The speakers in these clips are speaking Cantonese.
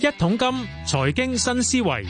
一桶金，財經新思維。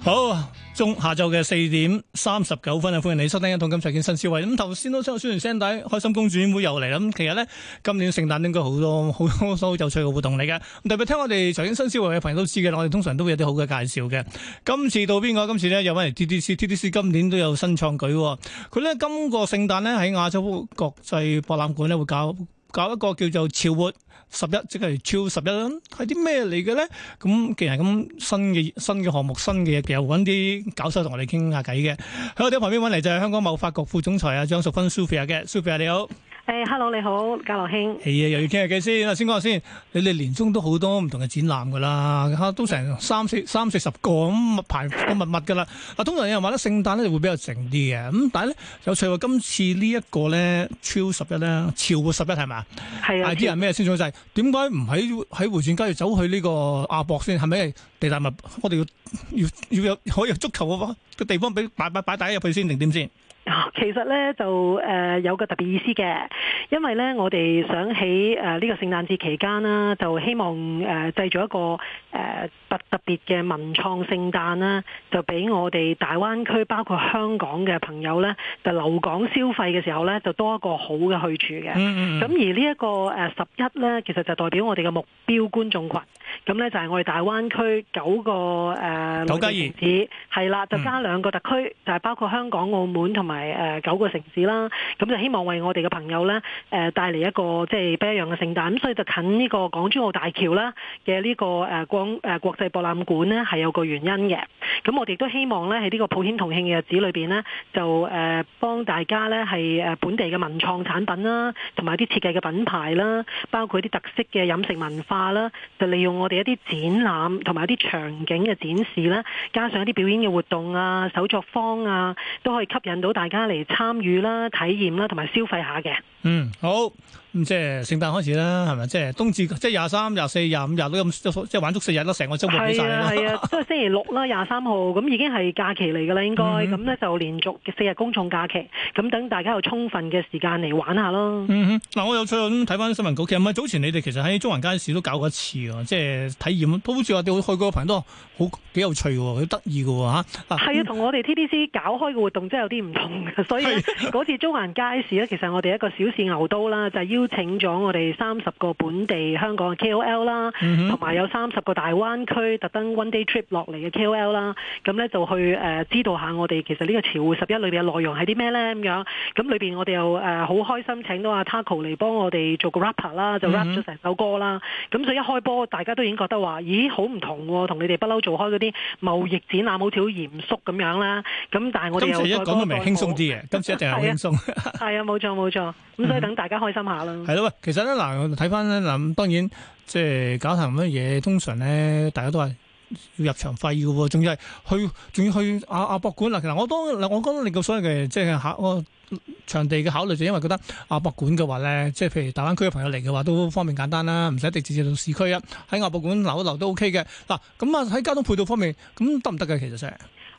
好。中下晝嘅四點三十九分啊，歡迎你收聽一同《一桶金財經新消費》。咁頭先都收完聲底，開心公主會又嚟啦。咁其實咧，今年聖誕應該好多好多好有趣嘅活動嚟嘅。特別聽我哋財經新消費嘅朋友都知嘅，我哋通常都會有啲好嘅介紹嘅。今次到邊個？今次咧又揾嚟 T D C T D C。今年都有新創舉，佢咧今個聖誕咧喺亞洲國際博覽館咧會搞。搞一個叫做潮活11，即係超活十一，即係超十一啦，係啲咩嚟嘅咧？咁既然咁新嘅新嘅項目、新嘅嘢，其實又揾啲搞手同我哋傾下偈嘅。喺我哋旁邊揾嚟就係香港貿發局副總裁啊張淑芬 Sophia 嘅，Sophia 你好。Hey, hello, 你好，家樂兄。係啊，又要傾下偈先啊，先講下先。你哋年中都好多唔同嘅展覽噶啦，吓都成三四三四十個咁密排個密密噶啦。嗱， 通常有人話咧，聖誕咧就會比較靜啲嘅。咁但係咧有趣喎，今次呢一個咧超十一咧，超過十一係嘛？係啊。啲人咩先講晒？點解唔喺喺會展街要走去呢個亞博先？係咪地大物？我哋要要要有可以有足球個地方俾擺擺擺大一入去先，定點先？其實呢，就誒、呃、有個特別意思嘅，因為呢，我哋想喺誒呢個聖誕節期間啦、啊，就希望誒製造一個誒、呃、特特別嘅文創聖誕啦，就俾我哋大灣區包括香港嘅朋友呢，就留港消費嘅時候呢，就多一個好嘅去處嘅。咁、嗯嗯嗯、而呢、這、一個誒十一呢，其實就代表我哋嘅目標觀眾群。咁呢就係我哋大灣區九個誒、呃、九個城市係啦，就加兩個特區，嗯、就係、是、包括香港、澳門同埋、呃、九個城市啦。咁就希望為我哋嘅朋友呢誒、呃、帶嚟一個即係、就是、不一樣嘅聖誕。咁所以就近呢個港珠澳大橋啦嘅呢、這個誒廣、呃、國際博覽館呢係有個原因嘅。咁我哋都希望呢喺呢個普天同慶嘅日子裏面呢，就誒、呃、幫大家呢係本地嘅文創產品啦，同埋啲設計嘅品牌啦，包括啲特色嘅飲食文化啦，就利用我哋一啲展覽同埋一啲場景嘅展示啦，加上一啲表演嘅活動啊、手作坊啊，都可以吸引到大家嚟參與啦、體驗啦，同埋消費下嘅。嗯，好，咁、嗯、即係聖誕開始啦，係咪？即係冬至，即係廿三、廿四、廿五、廿六咁，即係玩足四日啦，成個周末俾晒係啊，都係、啊、 星期六啦，廿三號，咁已經係假期嚟噶啦，應該。咁、嗯、咧就連續四日公眾假期，咁等大家有充分嘅時間嚟玩下咯。嗱、嗯，我有趣咁睇翻新聞稿，其實早前你哋其實喺中環街市都搞過一次喎，即係體驗。都好似話啲去過嘅朋友都好幾有趣嘅，佢得意嘅吓。係啊，同、啊嗯、我哋 TDC 搞開嘅活動真係有啲唔同嘅，所以嗰、啊、次中環街市咧，其實我哋一個小。是牛刀啦，就是、邀請咗我哋三十個本地香港嘅 KOL 啦，同埋有三十個大灣區特登 one day trip 落嚟嘅 KOL 啦，咁咧就去誒、呃、知道下我哋其實呢個 Chill 11裏邊嘅內容係啲咩咧咁樣。咁裏邊我哋又誒好、呃、開心，請到阿 Taco 嚟幫我哋做個 rapper 啦，就 rap 咗成首歌啦。咁、mm-hmm. 所以一開波，大家都已經覺得話，咦，好唔同喎，同你哋不嬲做開嗰啲貿易展覽，好似好嚴肅咁樣啦。咁但係我今次一講到明，輕鬆啲嘅，今次一定係輕鬆。係 啊，冇錯冇錯。嗯、所以等大家開心下啦。咯、嗯，喂，其實咧嗱，睇翻咧嗱，當然即係、就是、搞一啲乜嘢，通常咧大家都係要入場費嘅喎，仲要係去，仲要去亞博館啦。其實我當我講得，你嘅所謂嘅即係考場地嘅考慮，就因為覺得亞博館嘅話咧，即、就、係、是、譬如大灣區嘅朋友嚟嘅話，都方便簡單啦，唔使直接到市區啊，喺亞博館留一留都 OK 嘅。嗱、啊，咁啊喺交通配套方面，咁得唔得嘅其實成？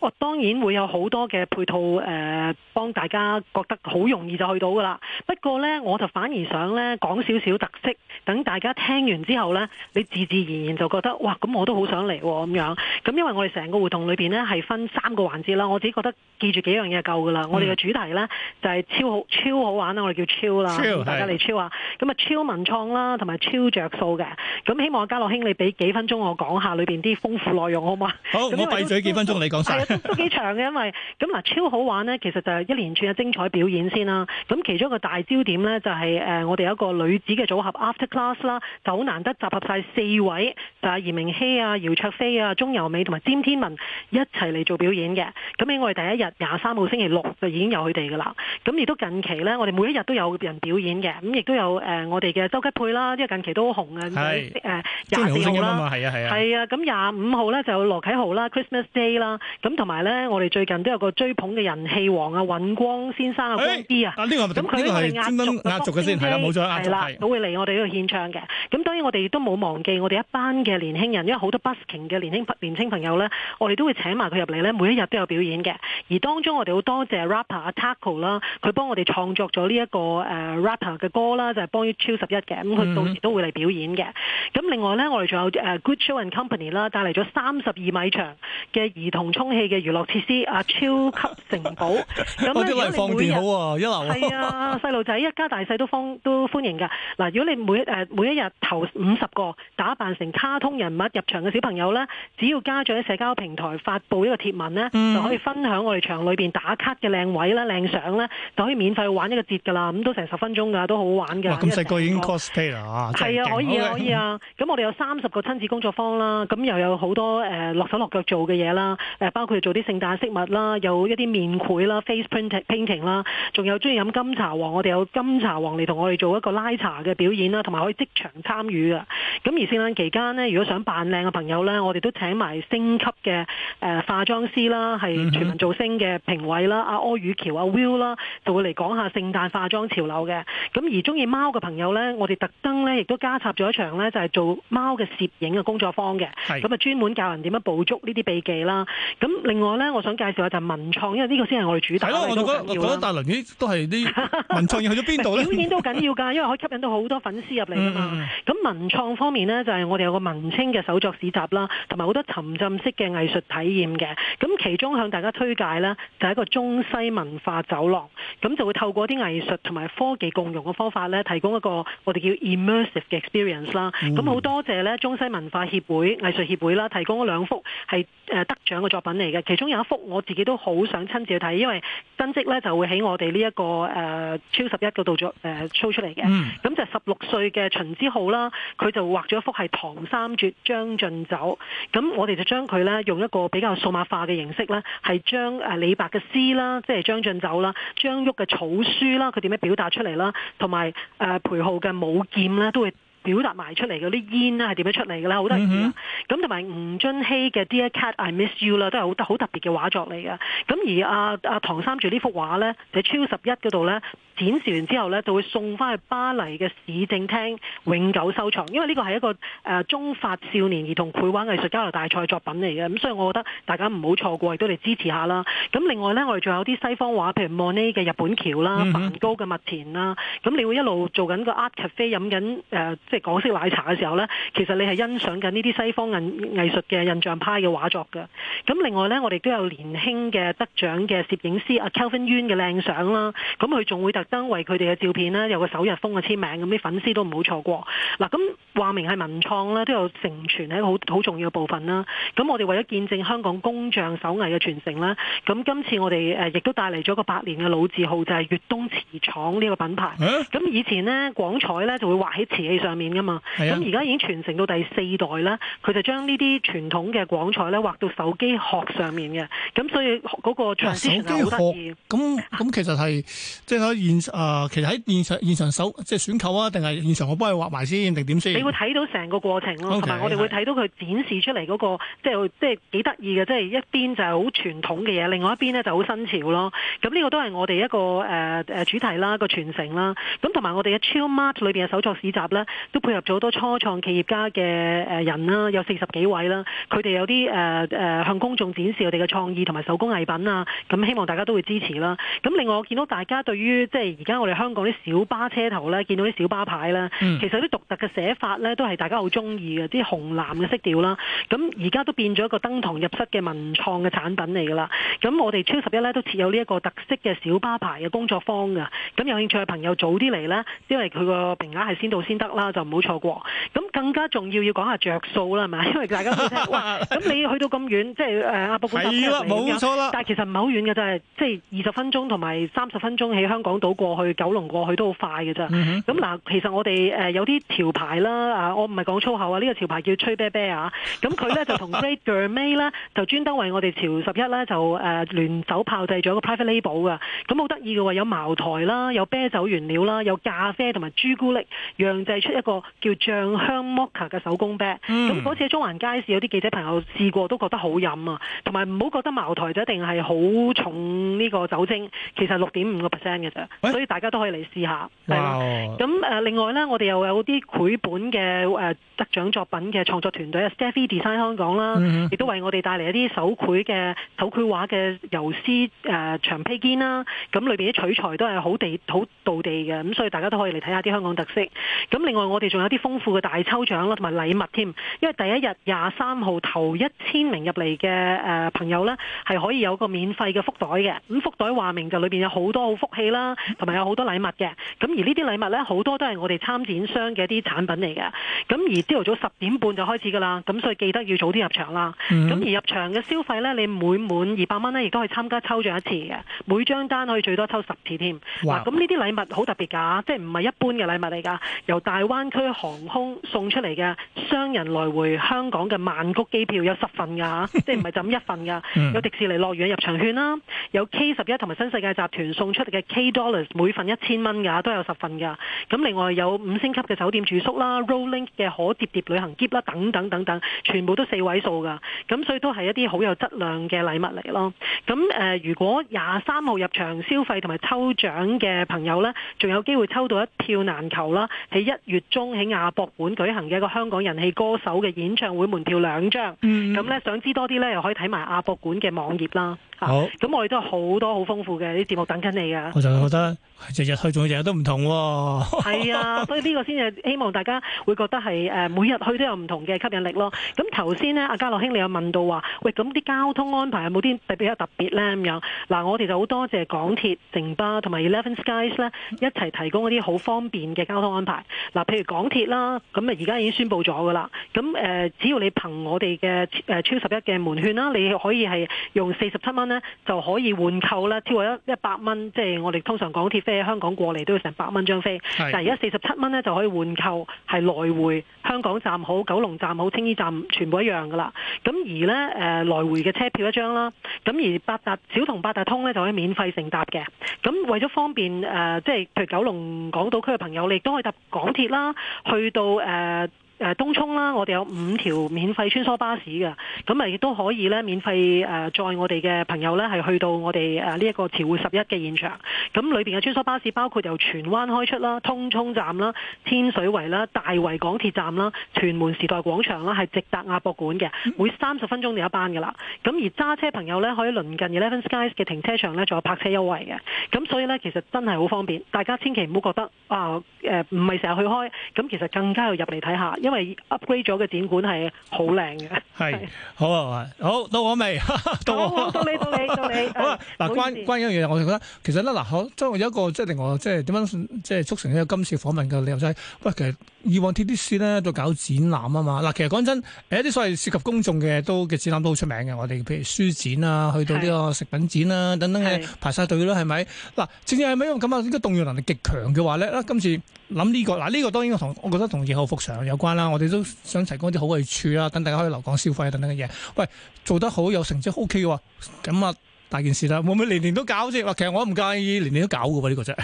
我當然會有好多嘅配套誒，幫、呃、大家覺得好容易就去到噶啦。不過呢，我就反而想呢講少少特色，等大家聽完之後呢，你自自然然就覺得哇，咁我都好想嚟喎咁樣。咁因為我哋成個活動裏面呢，係分三個環節啦，我自己覺得記住幾樣嘢就夠噶啦。我哋嘅主題呢，就係、是、超好超好玩啦，我哋叫 Chill 啦，chill，大家嚟 Chill 啊！咁啊 Chill 文創啦，同埋 Chill 著數嘅。咁希望家樂兄你俾幾分鐘我講下裏面啲豐富內容好嗎？好，我閉嘴幾分鐘你講晒。 都幾長嘅，因為咁嗱超好玩呢。其實就係一連串嘅精彩表演先啦。咁其中一個大焦點呢，就係、是、誒、呃、我哋有一個女子嘅組合 After Class 啦，就好難得集合曬四位，就係、是、嚴、啊、明熙啊、姚卓菲啊、鍾柔美同埋詹天文一齊嚟做表演嘅。咁喺我哋第一日廿三號星期六就已經有佢哋噶啦。咁亦都近期呢，我哋每一日都有人表演嘅。咁亦都有誒、呃、我哋嘅周吉佩啦，因為近期都好紅、嗯、嘛啊。係誒廿四號啦。係啊係啊。係啊，咁廿五號呢，就有羅啟豪啦，Christmas Day 啦，咁、嗯同埋咧，我哋最近都有個追捧嘅人氣王啊，尹光先生啊，欸、光啲啊，咁佢都係壓軸壓軸嘅、啊、先，係啦，冇錯，壓軸佢會嚟我哋呢度獻唱嘅。咁當然我哋亦都冇忘記我哋一班嘅年輕人，因為好多 busking 嘅年輕年輕朋友咧，我哋都會請埋佢入嚟咧，每一日都有表演嘅。而當中我哋好多謝 rapper 阿 Taco 啦，佢幫我哋創作咗呢一個誒 rapper 嘅歌啦，就係、是、幫於超十一嘅。咁佢到時都會嚟表演嘅。咁、嗯、另外咧，我哋仲有誒 Good Show and Company 啦，帶嚟咗三十二米長嘅兒童充氣。嘅娛樂設施 啊，超級城堡咁咧， 你每日係 是啊，細路仔一家大細都方都歡迎噶。嗱，如果你每誒、呃、每一日頭五十個打扮成卡通人物入場嘅小朋友咧，只要家長喺社交平台發布呢個貼文咧、嗯，就可以分享我哋場裏邊打卡嘅靚位啦、靚相咧，就可以免費玩一個節㗎啦。咁都成十分鐘㗎，都好玩嘅。咁細個已經 cosplay 啦，係啊，啊可以 okay. 可以啊，可以啊。咁我哋有三十個親子工作坊啦，咁又有好多誒、呃、落手落腳做嘅嘢啦，誒、呃、包括。去做啲聖誕飾物啦，有一啲面繪啦、 face painting, painting 啦，仲有中意飲金茶王，我哋有金茶王嚟同我哋做一個拉茶嘅表演啦，同埋可以即場參與嘅。咁而聖誕期間呢，如果想扮靚嘅朋友呢，我哋都請埋星級嘅誒化妝師啦，係全民造星嘅評委啦，阿柯宇喬、阿 Will 啦，就會嚟講下聖誕化妝潮流嘅。咁而中意貓嘅朋友呢，我哋特登呢亦都加插咗一場呢，就係做貓嘅攝影嘅工作坊嘅。咁啊，專門教人點樣捕捉呢啲秘技啦。咁另外呢，我想介紹下就係文創，因為呢個先係我哋主打，是的，我覺得我覺得大好輪機都係啲文創要去哪裡，去咗邊度呢？表演都緊要㗎，因為可以吸引到好多粉絲入嚟啊嘛。咁、嗯、文創方面呢，就係、是、我哋有個文青嘅手作市集啦，同埋好多沉浸式嘅藝術體驗嘅。咁其中向大家推介呢，就係、是、一個中西文化走廊。咁就會透過啲藝術同埋科技共融嘅方法呢，提供一個我哋叫 immersive 嘅 experience 啦。咁好多謝呢，中西文化協會、藝術協會啦，提供咗兩幅係得獎嘅作品嚟。其中有一幅我自己都好想親自去睇，因為真跡咧就會喺我哋呢一個誒、呃、Chill 11度做誒、呃、抽出嚟嘅。咁、mm-hmm. 就十六歲嘅秦之浩啦，佢就畫咗一幅係唐三絕將進酒。咁我哋就將佢咧用一個比較數碼化嘅形式咧，係將誒李白嘅詩啦，即係將進酒啦，張旭嘅草書啦，佢點樣表達出嚟啦，同埋誒裴浩嘅舞劍咧，都會表達埋出嚟嗰啲煙啦，係點樣出嚟嘅咧，好得意咁同埋吳俊熙嘅 Dear Cat I Miss You 啦，都係好好特別嘅畫作嚟嘅。咁而阿、啊、阿、啊、唐三住呢幅畫呢喺、就喺、超十一嗰度呢，展示完之後呢，就會送翻去巴黎嘅市政廳永久收藏，因為呢個係一個、呃、中法少年兒童繪畫藝術交流大賽作品嚟嘅。咁所以我覺得大家唔好錯過，亦都嚟支持下啦。咁另外呢，我哋仲有啲西方畫，譬如莫奈嘅日本橋啦、梵、嗯、高嘅麥田啦。咁你會一路做緊個 Art Cafe 飲緊呃、即係港式奶茶嘅時候呢，其實你係欣賞緊呢啲西方藝術嘅印象派嘅畫作嘅，咁另外呢，我哋都有年輕嘅得獎嘅攝影師阿 Kelvin Yuen 嘅靚相啦，咁佢仲會特登為佢哋嘅照片呢，有個首日封嘅簽名，咁啲粉絲都唔好錯過。嗱，咁話明係文創啦都有成傳喺一個好好重要嘅部分啦。咁我哋為咗見證香港工匠手藝嘅傳承啦。咁今次我哋亦都帶嚟咗個百年嘅老字號就係、是、粵東瓷廠呢個品牌。咁以前呢，廣彩呢就會畫喺瓷器上面噶嘛，咁而家已經傳承到第四代啦，佢將呢啲傳統嘅廣彩咧畫到手機殼上面嘅，咁所以嗰個創意好得意。咁咁其實係即係喺現啊、呃，其實喺現場現場手即係選購啊，定係現場我幫你畫埋先，定點先？你會睇到成個過程咯，同、okay, 埋我哋會睇到佢展示出嚟嗰、那個，即係即係幾得意嘅，即、就、係、是、一邊就好傳統嘅嘢，另外一邊咧就好新潮咯。咁呢個都係我哋一個主題啦，個傳承啦。咁同埋我哋嘅 Chill Mart 裏面嘅手作市集咧，都配合咗好多初創企業家嘅人啦，有二十幾位啦，佢哋有啲誒誒向公眾展示我哋嘅創意同埋手工藝品啊，咁希望大家都會支持啦。咁另外我見到大家對於即係而家我哋香港啲小巴車頭咧，見到啲小巴牌咧，其實啲獨特嘅寫法咧都係大家好中意嘅，啲紅藍嘅色調啦。咁而家都變咗一個登堂入室嘅文創嘅產品嚟㗎啦。咁我哋超十一咧都設有呢一個特色嘅小巴牌嘅工作坊㗎。咁有興趣嘅朋友早啲嚟啦，因為佢個名額係先到先得啦，就唔好錯過。咁更加重要要講下着數啦，係咪？ 因為大家都聽，喂，咁你去到咁遠，即係誒阿布館搭車嘅，但其實唔係好遠嘅啫，即係二十分鐘同埋三十分鐘喺香港島過去、九龍過去都好快嘅啫。咁、嗯、嗱，其實我哋、呃、有啲潮牌啦，啊，我唔係講粗口啊，呢、這個潮牌叫吹啤啤啊，咁佢咧就同 Great Gourmet 咧就專登為我哋潮十一咧就誒聯、呃、手炮製咗個 private label 噶，咁好得意嘅話有茅台啦，有啤酒原料啦，有咖啡同埋朱古力，釀製出一個叫醬香摩卡嘅手工啤。咁、嗯、嗰次。中環街市有啲記者朋友試過都覺得好飲啊，同埋唔好覺得茅台就一定係好重呢個酒精，其實六點五個 percent 嘅啫，所以大家都可以嚟試下，咁、嗯呃、另外呢，我哋又有啲繪本嘅誒、呃、得獎作品嘅創作團隊、嗯、啊 Stephie Design 香港啦，亦、啊嗯、都為我哋帶嚟一啲手繪嘅手繪畫嘅油絲、呃、長披肩啦。咁、啊、裏面啲取材都係好地好道地嘅，咁、嗯、所以大家都可以嚟睇下啲香港特色。咁另外我哋仲有啲豐富嘅大抽獎同埋禮物添，因為第一。今日廿三號頭一千名入嚟嘅誒朋友呢，係可以有個免費嘅福袋嘅。咁福袋話明就裏邊有好多好福氣啦，同埋有好多禮物嘅。咁而呢啲禮物呢，好多都係我哋參展商嘅一啲產品嚟嘅。咁而朝頭早十點半就開始噶啦，咁所以記得要早啲入場啦。咁、嗯、而入場嘅消費呢，你每滿二百蚊呢，亦都可以參加抽獎一次嘅，每張單可以最多抽十次添。哇！咁呢啲禮物好特別噶，即係唔係一般嘅禮物嚟噶，由大灣區航空送出嚟嘅商人來回。香港嘅曼谷機票有十份㗎，即係唔係就咁一份㗎？有迪士尼樂園入場券啦，有 K 十一同埋新世界集團送出嚟嘅 K dollars 每份一千蚊㗎，都有十份㗎。咁另外有五星級嘅酒店住宿啦，Rolling 嘅可疊疊旅行喼啦，等等等等，全部都四位數㗎。咁所以都係一啲好有質量嘅禮物嚟咯。咁誒，如果廿三號入場消費同埋抽獎嘅朋友呢，仲有機會抽到一票難求啦，喺一月中喺亞博館舉行嘅一個香港人氣歌手嘅演唱場會門票兩張，咁咧想知多啲咧，又可以睇埋亞博館嘅網頁啦。好，咁、啊、我哋都好多好豐富嘅啲節目等緊你㗎。我就覺得日日去仲日日都唔同喎、啊。係 啊，所以呢個先係希望大家會覺得係每日去都有唔同嘅吸引力咯。咁頭先呢，阿家樂兄你有問到話：「喂，咁啲交通安排有冇啲比較特別呢？」咁樣？嗱，我哋就好多謝港鐵、城巴同埋 Eleven Skies 呢一齊提供嗰啲好方便嘅交通安排。嗱，譬如港鐵啦，咁啊而家已經宣佈咗㗎啦。咁、呃、只要你憑我哋嘅、呃、超十一嘅門券啦，你可以係用四十七蚊。就可以換購呢，超過一一百蚊，即係我哋通常港鐵飛香港過嚟都要成百蚊張飛。但係而家四十七蚊呢就可以換購，係、就是、來,來回香港站好、九龍站好、青衣站全部一樣㗎喇。咁而呢誒、呃、來回嘅車票一張啦。咁而八達小童八達通呢就可以免費乘搭嘅。咁為咗方便誒，即、呃、係譬如九龍港島區嘅朋友，你亦都可以搭港鐵啦，去到誒。呃誒東涌啦，我哋有五條免費穿梭巴士嘅，咁咪亦都可以咧免費誒載我哋嘅朋友咧係去到我哋誒呢一個聖誕 Chill 十一嘅現場。咁裏面嘅穿梭巴士包括由荃灣開出啦、東涌站啦、天水圍啦、大圍港鐵站啦、屯門時代廣場啦，係直達亞博館嘅，每三十分鐘有一班噶啦。咁而揸車朋友咧可以鄰近 Eleven Skies 嘅停車場咧，仲有泊車優惠嘅。咁所以咧其實真係好方便，大家千祈唔好覺得啊誒唔係成日去開，咁其實更加要入嚟睇下。因為 upgrade 咗嘅展館係好靚嘅，係好啊，好到我未，到我，到我、啊，到你，到你，到你。好啊，嗱關一樣嘢，我就覺得其實咧嗱，好，即係有一個即係令我即係點樣，即係促成呢個今次訪問嘅理由就係，喂，其實以往 T D C 咧都搞展覽啊嘛，嗱，其實講真，誒一啲所謂涉及公眾嘅都嘅展覽都好出名嘅，我哋譬如書展啊，去到呢個食品展啊等等嘅排晒隊是是啦，係咪？嗱，正正係咪因為咁啊？依家動員能力極強嘅話咧，咧今次。諗呢、這個嗱呢、這個當然同我覺得同業後復常有關啦，我哋都想提供啲好去處啦，等大家可以留港消費等等嘅嘢。喂，做得好有成績 O K 喎，咁啊大件事啦，會唔會年年都搞啫？其實我都唔介意年年都搞嘅喎呢個啫。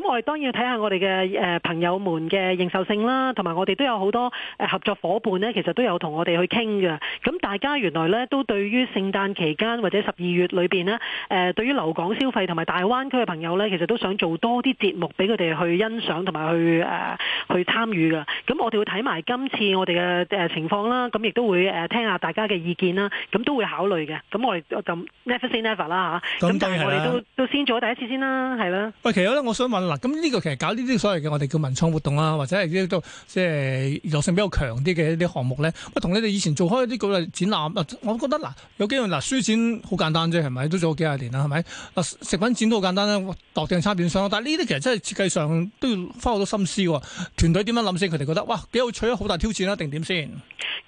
咁我哋當然要睇下我哋嘅、呃、朋友們嘅認受性啦，同埋我哋都有好多、呃、合作伙伴呢，其實都有同我哋去傾嘅。咁大家原來呢，都對於聖誕期間或者十二月裏面呢，呃、對於留港消費同埋大灣區嘅朋友呢，其實都想做多啲節目俾佢哋去欣賞同埋去、呃、去參與㗎。咁我哋會睇埋今次我哋嘅情況啦，咁亦都會聽下大家嘅意見啦，咁都會考慮嘅。咁我哋就 never say never 啦咁、啊啊、但係我哋都都先做第一次先啦，係啦。喂，其實我想問。嗱，咁呢個其實搞呢啲所謂嘅我哋叫文創活動啦、啊，或者係呢啲即係娛樂性比較強啲嘅一啲項目咧，我同你哋以前做開啲咁嘅展覽，我覺得嗱，有機會嗱書展好簡單啫，係咪都做咗幾十年啦，係咪？嗱食品展都好簡單咧，落差插展商，但呢啲其實真係設計上都要花好多心思喎、啊。團隊點樣諗先？佢哋覺得哇，幾有趣，好大挑戰啦，定點先？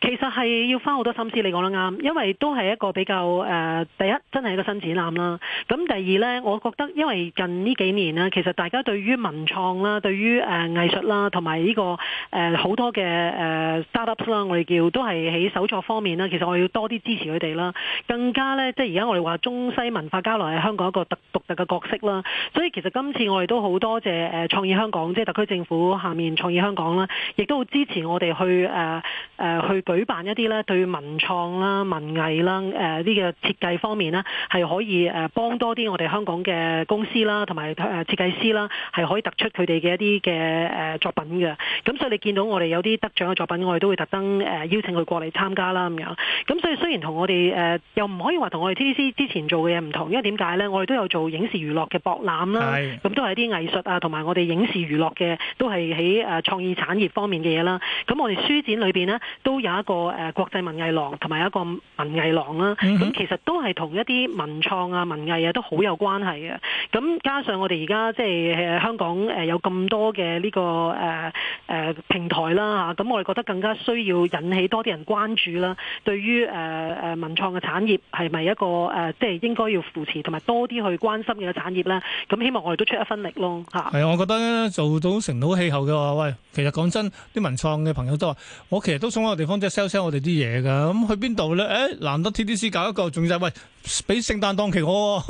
其實係要花好多心思，你講得啱，因為都係一個比較、呃、第一真係一個新展覽啦。咁第二咧，我覺得因為近呢幾年其實大家對對於文創啦，對於誒藝術啦，同埋呢個誒好多嘅誒 startup 啦，我哋叫都係喺手作方面啦。其實我哋要多啲支持佢哋啦，更加咧即係而家我哋話中西文化交流係香港一個特獨特嘅角色啦。所以其實今次我哋都好多謝誒創意香港，即係特區政府下面創意香港啦，亦都支持我哋去誒誒去舉辦一啲咧對文創啦、文藝啦、誒呢個設計方面啦，係可以誒幫多啲我哋香港嘅公司啦，同埋誒設計師啦。係可以突出佢哋嘅一啲嘅誒作品㗎，咁所以你見到我哋有啲得獎嘅作品，我哋都會特登誒邀請佢過嚟參加啦咁樣。咁所以雖然同我哋誒又唔可以話同我哋 TDC 之前做嘅嘢唔同，因為點解呢？我哋都有做影視娛樂嘅博覽啦，咁都係啲藝術啊，同埋我哋影視娛樂嘅都係喺誒創意產業方面嘅嘢啦。咁我哋書展裏邊呢，都有一個誒國際文藝廊同埋一個文藝廊啦，咁其實都係同一啲文創啊、文藝啊都好有關係嘅。咁加上我哋而家即係香港誒有咁多嘅呢、這個誒誒、呃呃、平台啦嚇，咁、啊、我哋覺得更加需要引起多啲人關注啦。對於誒誒文創嘅產、呃、產業，係咪一個誒即係應該要扶持同埋多啲去關心嘅產業咧？咁希望我哋都出一分力咯嚇。係啊，我覺得做到成到氣候嘅話喂。其實講真，啲文創嘅朋友都話：我其實都送一個地方即係 sell sell 我哋啲嘢㗎。咁去邊度咧？誒、欸，難得 TDC 搞一個，仲就係、是、喂，俾聖誕檔期好，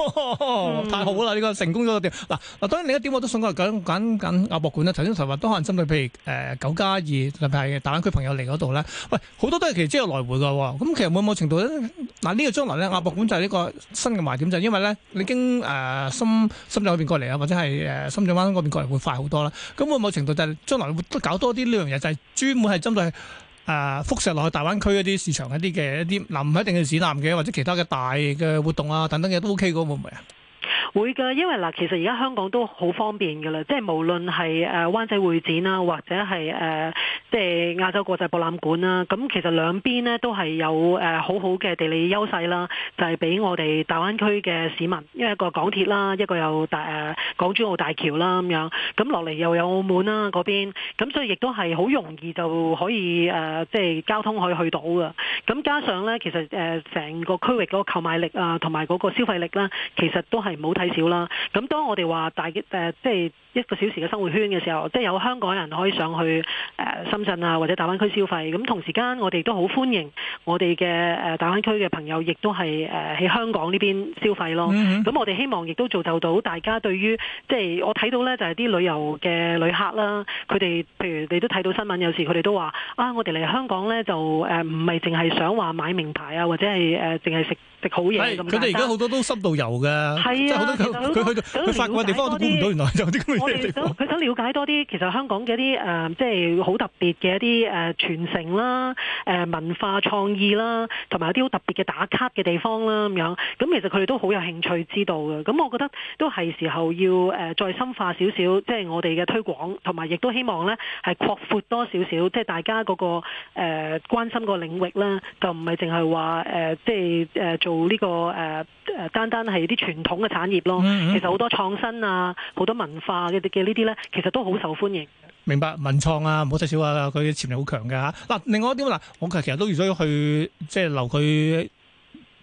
太好啦！呢、這個成功咗個店。嗱、嗯、嗱、啊，當然另一點我都送過嚟揀揀緊亞博館啦。頭先頭話都可能針對，譬如誒九加二特別係大灣區朋友嚟嗰度咧。喂，好多都係其實即係來回㗎。咁其實會唔會程度咧？嗱、啊、呢、這個將來咧，亞博館就係呢個新嘅賣點，就係因為咧，你經誒、呃、深深圳嗰邊過嚟啊，或者係誒深圳灣嗰邊過嚟會快好多啦。咁會唔會程度就將來會？都搞多啲呢樣嘢，就係專門係針對誒輻射落去大灣區一啲市場一啲嘅一啲嗱，唔一定係市南嘅，或者其他嘅大嘅活動啊等等嘅，都 OK 嘅，會唔會啊？會嘅，因為嗱，其實而家香港都好方便噶啦，即係無論係誒灣仔會展啊，或者係誒。呃即係亞洲國際博覽館啦，咁其實兩邊呢都係有誒好好嘅地理優勢啦，就係俾我哋大灣區嘅市民，因一個港鐵啦，一個有大誒港珠澳大橋啦咁樣，咁落嚟又有澳門啦嗰邊，咁所以亦都係好容易就可以誒，即係交通可以去到嘅。咁加上呢，其實誒成個區域嗰個購買力啊，同埋嗰個消費力啦，其實都係唔好睇少啦。咁當我哋話大嘅即係一個小時嘅生活圈嘅時候，即係有香港人可以上去誒深圳啊，或者大灣區消費，咁同時間我哋都好歡迎我哋嘅誒，大灣區嘅朋友，亦都係誒喺香港呢邊消費咯。咁我哋希望亦都造就到大家對於即係我睇到呢就係啲旅遊嘅旅客啦，佢哋譬如你都睇到新聞，有時佢哋都話啊，我哋嚟香港呢就誒唔係淨係想話買名牌啊，或者係誒淨係食。食好嘢咁解，佢哋而家好多都深度遊嘅，係啊，佢佢佢發覺我哋多都估唔到，原來有啲咁嘅嘢地方。我哋想佢想了解多啲，其實香港嘅一啲誒，即係好特別嘅一啲誒傳承啦、誒文化創意啦，同埋有啲好特別嘅打卡嘅地方啦咁樣。咁其實佢哋都好有興趣知道嘅。咁我覺得都係時候要誒再深化少少，即係我哋嘅推廣，同埋亦都希望咧係擴闊多少少，即係大家嗰個誒關心個領域啦，就唔係淨係話誒即係誒做。做呢、這個誒誒、呃呃，單單係啲傳統嘅產業咯，嗯嗯，其實好多創新啊，好多文化嘅嘅呢啲咧，其實都好受歡迎。明白，文創啊，唔好睇少啊，佢潛力好強嘅吓。嗱、啊，另外一點嗱、啊，我其實都預咗去即係、就是、留佢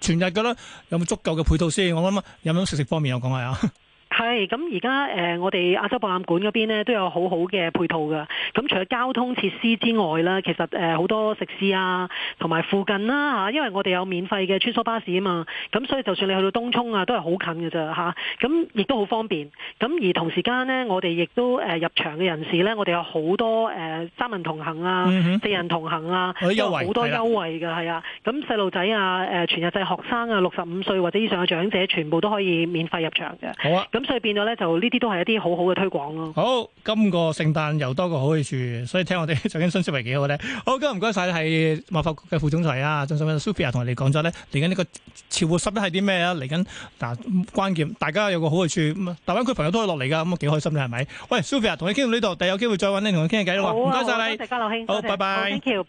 全日嘅啦。有冇足夠嘅配套先？我諗，有冇食食方面我講下。啊？ 係咁而家誒，我哋亞洲博覽館嗰邊都有好好嘅配套噶。咁除咗交通設施之外啦，其實誒好多食肆啊，同埋附近啦，因為我哋有免費嘅穿梭巴士啊嘛。咁所以就算你去到東涌啊，都係好近㗎咋。咁亦都好方便。咁而同時間呢，我哋亦都入場嘅人士呢，我哋有好多誒三人同行啊、嗯，四人同行啊，呃、有好多優惠㗎。係、嗯、啊。咁細路仔啊，全日制學生啊，六十五歲或者以上嘅長者，全部都可以免費入場嘅。咁所以變咗咧，就呢啲都係一啲好好嘅推廣咯。好，今個聖誕又多個好去處，所以聽我哋最近新鮮為幾好咧。好，今日唔該晒係貿發局嘅副總裁啊，總裁 Sophia 同你講咗咧，嚟緊呢個潮濕咧係啲咩啊？嚟緊嗱，關鍵大家有個好去處，大灣區朋友都可以落嚟噶，咁啊幾開心咧，係咪？喂，Sophia，同你傾到呢度，第日有機會再搵你同我傾下偈咯。唔該晒你，大、啊、家好拜拜，拜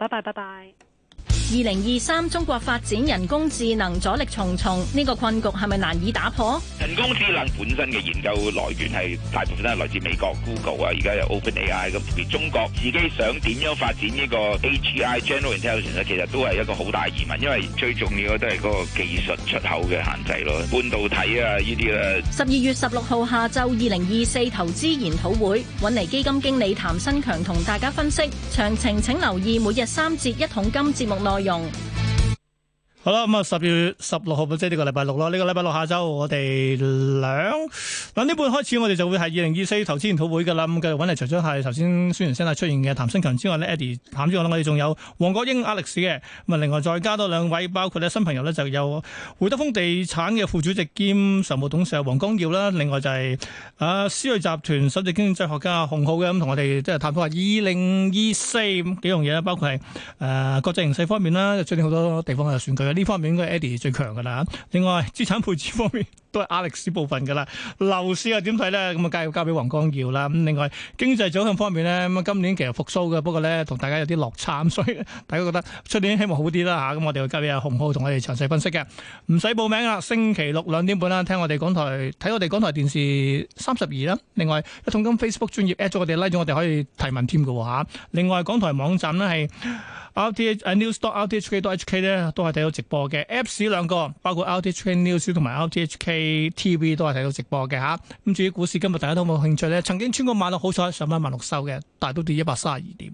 拜，拜拜。Bye bye 二零二三中國發展人工智能阻力重重，呢個困局係咪難以打破？人工智能本身嘅研究來源係大部分都係來自美國 Google 啊，而家又 OpenAI 咁。而中國自己想點樣發展呢個 A G I General Intelligence 咧，其實都係一個好大疑問，因為最重要嘅都係嗰個技術出口嘅限制咯，半導體啊呢啲咧。十二月十六號下晝二零二四投資研討會，揾嚟基金經理譚新強同大家分析詳情，請留意每日三節一桶金節目內。用。好啦，咁、嗯、啊，十月十、就是、六號即係呢個禮拜六啦，呢個禮拜六下晝我哋兩兩點半開始，我哋就會係二零二四投資研討會噶啦。咁嘅搵嚟除咗係頭先孫元聲係出現嘅譚新強之外咧，Eddie 譚之外啦，我哋仲有黃國英 Alex 嘅。咁啊，另外再加多兩位，包括咧新朋友咧，就有匯德豐地產嘅副主席兼常務董事黃光耀啦。另外就係啊思銳集團首席經濟學家洪浩嘅，咁同我哋即係探討下二零二四幾樣嘢啦，包括係誒、呃、國際形勢方面啦，出、啊、最近好多地方嘅選舉。呢方面應該係 Eddie 最強㗎啦。另外資產配置方面都係 Alex 部分㗎啦。樓市又點睇咧？咁啊，梗係要交俾黃光耀啦。咁另外經濟走向方面咧，咁啊，今年其實復甦嘅，不過咧同大家有啲落差，所以大家覺得出年希望好啲啦吓。咁我哋又交俾阿洪浩同我哋詳細分析嘅。唔使報名啦，星期六兩點半啦，聽我哋港台睇我哋港台電視三十二啦。另外，一桶金 Facebook 專頁 at 咗我哋，like 咗我哋可以提問添㗎喎。另外，港台網站咧係。R T H K、uh, News dot R T H K dot H K 咧都係睇到直播嘅 App s 兩個包括 R T H K News 同埋 R T H K T V 都係睇到直播嘅吓咁至於股市今日大家都冇興趣咧，曾經穿過萬六，好彩上翻萬六收嘅，但係都跌一百三十二點。